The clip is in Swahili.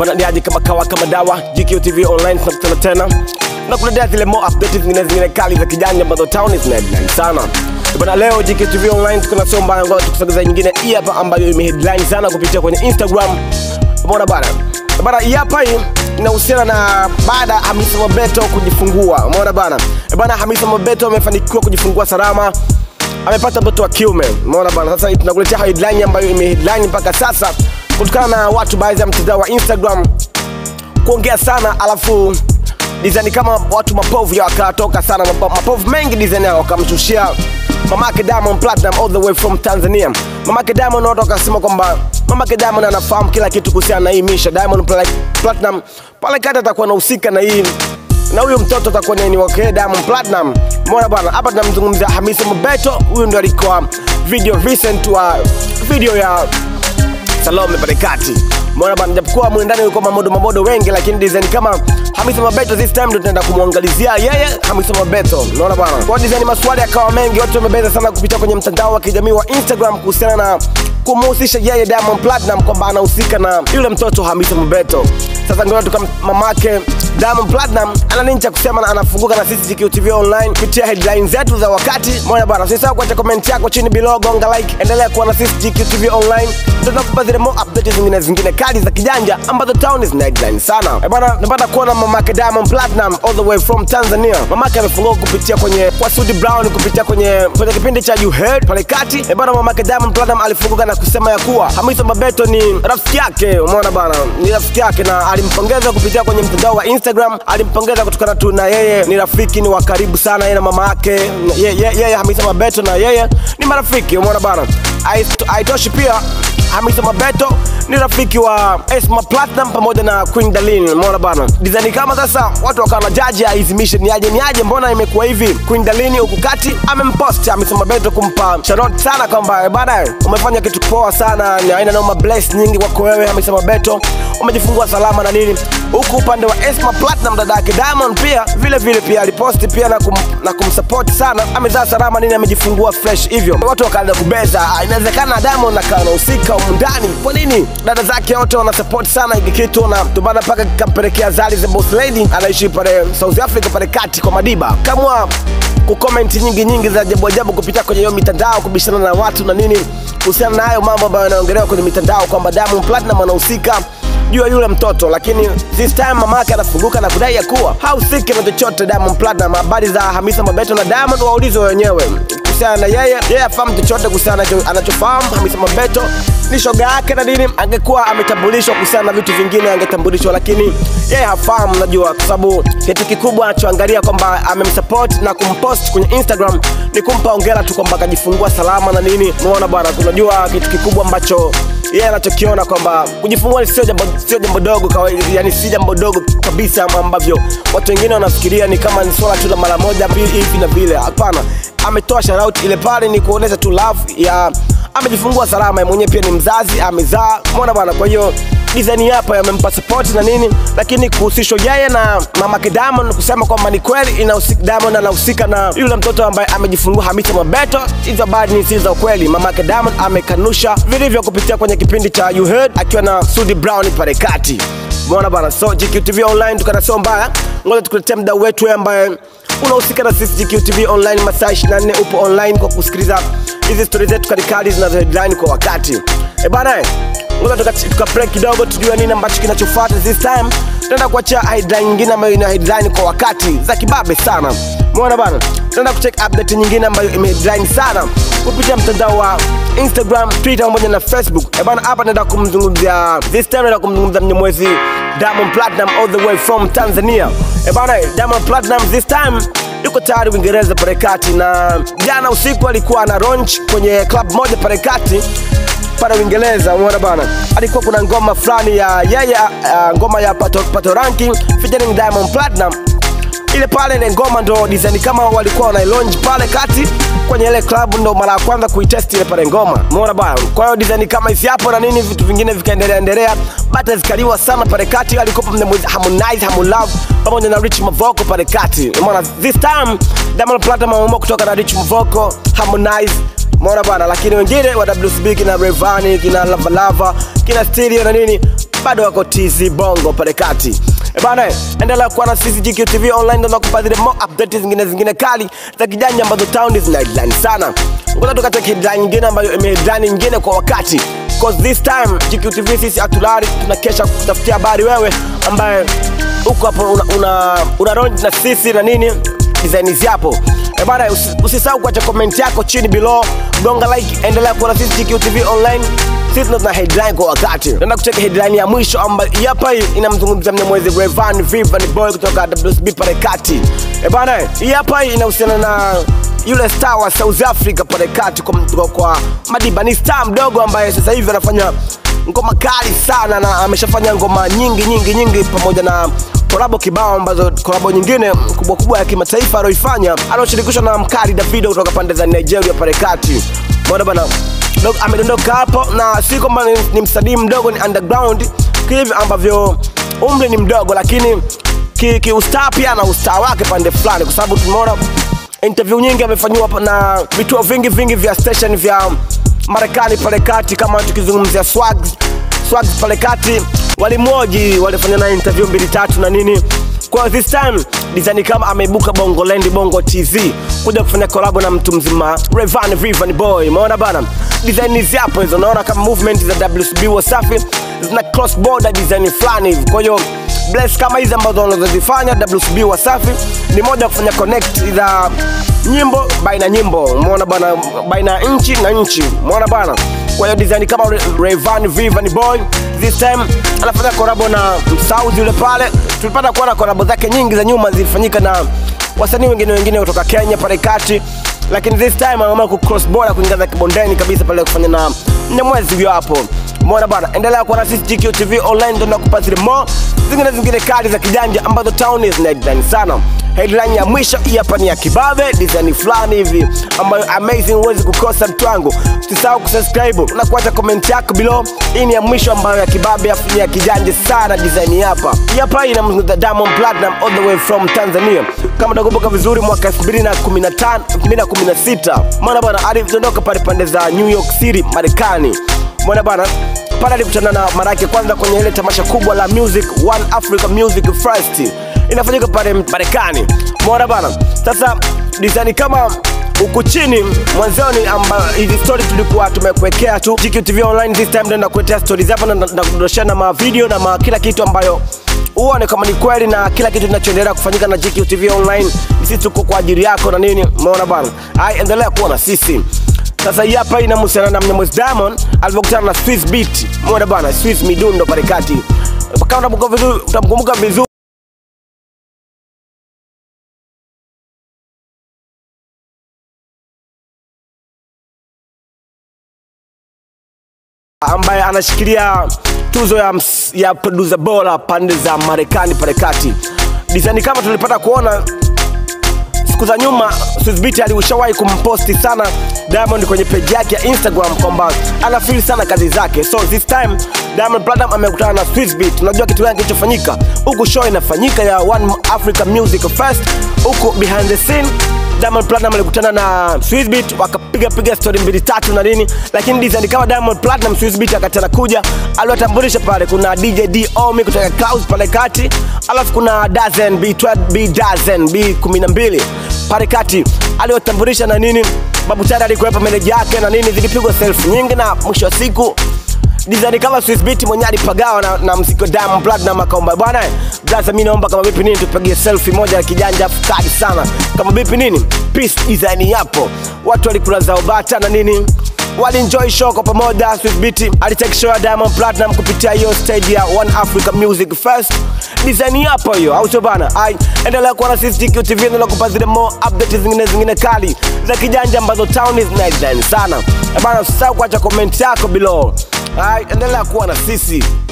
banadiaji kama kawa kama dawa GQ TV online tunakutana tena na kuletea zile more updates zingine zingine kali za kijanja ambazo town is headline sana bana leo GQ TV online tuko na sio mbaya ngoja tukusogeza nyingine hii hapa ambayo ime headline sana kupitia kwenye Instagram umeona bana bana hii hapa hii inahusiana na baada ya Hamisa Mobeto kujifungua umeona bana eh, bana Hamisa Mobeto amefanikiwa kujifungua salama amepata mtoto wa kiume umeona bana sasa tunakuletea headline ambayo ime headline mpaka sasa kutokana na watu baadhi ya mtandao wa instagram kuongea sana alafu design kama watu mapovu ya wakatoka sana mapovu mengi design yao wakamshushia mamake Diamond Platinum all the way from Tanzania. Mamake Diamond watu wakasema kwamba mamake Diamond anafahamu kila kitu kuhusiana na hii Misha. Diamond Platinum pale kati atakuwa anahusika na hii na huyo mtoto atakuwa nini wake Diamond Platinum. Mbona bwana, hapa tunamzungumzia Hamisa Mobeto, huyu ndo alikoa video recent wa video ya I love me, but they got to. mwana bana, japokuwa mwendani yuko mamodo mamodo wengi, lakini design kama Hamisa Mobeto this time ndo tunaenda kumwangalizia yeye. Yeah, yeah. Hamisa Mobeto, unaona bana, kwa design maswali yakawa mengi, watu wamebeza sana kupitia kwenye mtandao wa kijamii wa Instagram kuhusiana na kumuhusisha yeye Diamond Platinum kwamba anahusika na yule mtoto Hamisa Mobeto. Sasa ngoja tuka mamake Diamond Platinum ana nini cha kusema na anafunguka na sisi GQTV online kupitia headline zetu za wakati. Mbona bana, usisahau kuacha comment yako chini below, gonga like, endelea kuwa na sisi GQTV online, tutakupa zile more updates zingine zingine kali za kijanja ambazo town is nightline sana. E bwana, napata kuona mamake Diamond Platinum all the way from Tanzania. Mamake amefungua kupitia kwenye kwa Sudi Brown kupitia kwenye kwenye kipindi cha You Heard pale kati. E bwana, mamake Diamond Platinum alifunguka na kusema ya kuwa Hamisa Mabeto ni rafiki yake, umeona bwana, ni rafiki yake na alimpongeza kupitia kwenye mtandao wa Instagram, alimpongeza kutokana tu na yeye ni rafiki, ni wa karibu sana yeye na mama yake yeye, yeye Hamisa Mabeto na yeye ni marafiki, umeona bwana. Haitoshi pia Hamisa mabeto ni rafiki wa Esma Platinum pamoja na Queen Dalin. Umeona bana, design kama sasa watu wakawa na jaji hizi mission ni aje mbona imekuwa hivi? Queen Dalin huku kati amempost Hamisa mabeto kumpa shout sana kwamba eh, bana, umefanya kitu poa sana, ni aina noma bless nyingi kwako wewe Hamisa mabeto umejifungua salama na nini. Huku upande wa Esma Platinum dadake Diamond pia vile vile pia aliposti pia na kum na kumsupport sana. Amezaa salama nini, amejifungua fresh, hivyo watu wakaanza kubeza, ah, inawezekana Diamond akawa anahusika humu ndani. Kwa nini dada zake wote support sana hiki kitu, na tubana paka kikampelekea Zari the Boss Lady anaishi pale South Africa pale kati kwa Madiba kamwa kukomenti nyingi nyingi za ajabu ajabu kupitia kwenye hiyo mitandao, kubishana na watu na nini kuhusiana na hayo mambo ambayo yanaongelewa kwenye mitandao kwamba Diamond Platnumz anahusika juu ya yule mtoto, lakini this time yake anafunguka na kudai ya kuwa hahusiki na chochote Diamond Platnumz. Habari za Hamisa Mobeto na Diamond waulizo wenyewe kuhusiana na yeye, yeye afahamu chochote kuhusiana anachofahamu Hamisa Mobeto ni shoga yake na nini, angekuwa ametambulishwa kuhusiana na vitu vingine angetambulishwa, lakini yeye hafahamu, najua kwa sababu kitu kikubwa anachoangalia kwamba amemsupport na kumpost kwenye Instagram ni kumpa ongera tu kwamba akajifungua salama na nini. Unaona bwana, unajua kitu kikubwa ambacho yeye yeah, anachokiona kwamba kujifungua sio jambo, sio jambo dogo kwa, yani si jambo dogo kabisa ambavyo watu wengine wanafikiria ni kama ni swala tu la mara moja hivi na vile. Hapana, ametoa shout out ile pale ni kuonesha tu love ya yeah amejifungua salama, mwenye pia ni mzazi, amezaa mona bwana, kwa hiyo design hapa yamempa support na nini, lakini kuhusishwa yeye na mama Diamond kusema kwamba ni kweli inahusika, Diamond anahusika na yule mtoto ambaye amejifungua Hamisa mabeto hizo habari si za ukweli. Mama Diamond amekanusha vilivyo kupitia kwenye kipindi cha You Heard akiwa na Sudi Brown pale kati, mwana bwana. So GQTV online tukana sio mbaya, ngoja tukuletea mdau wetu ambaye unahusika na sisi GQTV online masaa 24 upo online kwa kusikiliza hizi stori zetu kalikali zinazo headline kwa wakati ebana eh, ngoja break kidogo tujue nini ambacho kinachofuata this time tunaenda kuachia headline nyingine ambayo ina headline kwa wakati za kibabe sana Mwana bana, tunaenda kucheck update nyingine ambayo imedrive sana kupitia mtandao wa Instagram, Twitter pamoja na Facebook. ebana eh bana, hapa naenda kumzungumzia this time, naenda kumzungumzia mnyemwezi Diamond platinum all the way from Tanzania. ebana eh bana, eh, Diamond platinum this time yuko tayari Uingereza parekati na jana usiku alikuwa na ronch kwenye club moja parekati kati pale Uingereza, umeona bana, alikuwa kuna ngoma fulani ya yeye, uh, ngoma ya pato, pato ranking featuring Diamond platinum ile pale ni ngoma ndo design kama walikuwa wana pale kati kwenye ile club ndo mara ya kwanza kuitest ile pale ngoma umeona bwana kwa hiyo design kama hizi hapo na nini vitu vingine vikaendelea endelea bata zikaliwa sana pale kati alikopa mnamwezi Harmonize Love pamoja na Rich Mavoko pale kati umeona this time Diamond Platnumz ameamua kutoka na Rich Mavoko Harmonize mona bana, lakini wengine wa WCB kina Revani kina Lavalava kina Stereo na nini bado wako TZ bongo pale kati e bana endelea kuwa na sisi GQ TV online ndio nakupa zile more updates zingine zingine kali za kijani ambazo town zina headline sana ngoja tukate headline nyingine ambayo imeheadline nyingine kwa wakati cause this time GQ TV sisi atulari, tunakesha kutafutia habari wewe ambaye uko hapo una, una, una na sisi na nini design ziapo E bana, usisahau kuacha comment yako chini below, gonga like, endelea kuona sisi GQTV online. Sisi ndo headline kwa wakati. Naenda kucheka headline ya mwisho ambayo hapa inamzungumzia mnyamwezi Rayvanny Vivani Boy kutoka WSB Parekati. kati. E bana, hii hapa inahusiana na yule star wa South Africa Parekati kati kwa, kwa Madiba. Ni star mdogo ambaye sasa hivi anafanya ngoma kali sana na ameshafanya ngoma nyingi nyingi nyingi pamoja na kolabo kibao ambazo kolabo nyingine kubwa kubwa ya kimataifa aliyoifanya anaoshirikishwa na mkali Davido kutoka pande za Nigeria pale kati. Mbona bana amedondoka hapo, na si kwamba ni, ni msanii mdogo, ni underground hivi ambavyo umri ni mdogo, lakini kiustaa ki, ki pia na ustaa wake pande fulani, kwa sababu tumeona interview nyingi amefanyiwa na vituo vingi vingi vya station vya Marekani pale kati, kama tukizungumzia swag Swags pale kati walimwoji, walifanya na interview mbili tatu na nini kwa this time design kama ameibuka Bongo Land Bongo TZ kuja kufanya kolabo na mtu mzima Revan Vivan Boy, umeona bana. Design hizi hapo hizo, naona kama movement za WCB Wasafi zina cross border design flani hivi, kwa hiyo bless kama hizi ambazo wanazozifanya WCB Wasafi ni moja kufanya connect za nyimbo baina nyimbo, umeona bana baina nchi na nchi, umeona bana Kwa hiyo design kama Rayvanny Vivian Boy this time anafanya korabo na Msaudi yule pale, tulipata kuona korabo zake nyingi za nyuma zilifanyika na wasanii wengine wengine kutoka Kenya pale kati, lakini this time ameamua kucross border kuingiza kibondeni kabisa pale kufanya na Mnyamwezi huyo hapo. Umeona bana endelea kuwa na sisi GQ TV online, ndio nakupa more zingine zingine kali za kijanja ambazo town design sana headline ya mwisho hapa ni ya kibabe design fulani hivi ambayo amazing huwezi kukosa mtu wangu usisahau kusubscribe na kuacha comment yako below hii ni ya mwisho ambayo ya kibabe ni ya kijanja sana design hapa hapa inamzungumza Diamond Platinum all the way from Tanzania kama nakumbuka vizuri mwaka 2015 2016 maana bwana alidondoka pale pande za New York City Marekani mwana bana pale alikutana na maraki kwanza kwenye ile tamasha kubwa la music one africa music first inafanyika pale marekani mwana bana sasa disani kama huku chini amba hizi story tulikuwa tumekuwekea tu GQTV online this time ndio kuletea stories hapa na nakudondoshea na mavideo na ma kila kitu ambayo ni kama ni kweli na kila kitu kinachoendelea kufanyika na GQTV online sisi tuko kwa ajili yako na nini umeona bana endelea kuona sisi sasa hii hapa inamhusiana na Mnemos Diamond alivyokutana na Swiss Beat, muona bana, Swiss midundo pale kati. Kama utamkumbuka vizuri ambaye anashikilia tuzo ya, ya producer bora pande za Marekani pale kati. kama tulipata kuona siku za nyuma Swizbiti aliushawahi kumposti sana Diamond kwenye peji yake ya Instagram kwamba anafeel sana kazi zake, so this time Diamond Platnumz amekutana na Swizbeat. Unajua kitu gani kilichofanyika huku? Show inafanyika ya One Africa Music Fest, huku behind the scene Diamond Platinum alikutana na Swissbeat wakapiga piga story mbili tatu na nini, lakini Dizzani kama Diamond Platinum Swissbeat akatana kuja aliwatambulisha pale kuna DJ Domi kutoka Clouds pale kati, alafu kuna Dozen B12 b Dozen B12 B12 pale kati aliwatambulisha na nini. Babu Tale alikuwepo meneja yake na nini, zilipigwa selfie nyingi na mwisho wa siku Dizani kama Swiss Beat mwenye alipagawa na, na mziki Diamond Blood na makaomba bwana. Blaza, mimi naomba kama vipi nini tupigie selfie moja ya kijanja afu sana. Kama vipi nini? Peace design yapo. Watu walikula zao bata na nini? Wali enjoy show kwa pamoja. Swiss Beat alitake show ya Diamond Blood na kupitia hiyo stage ya One Africa Music Fest. Design yapo hiyo, au sio bana? Ai, endelea kuwa na sisi GQ TV na kupa zile more updates zingine zingine kali za kijanja ambazo town is nice sana. E bana, usisahau kuacha comment yako below. Hai, endelea kuwa na sisi.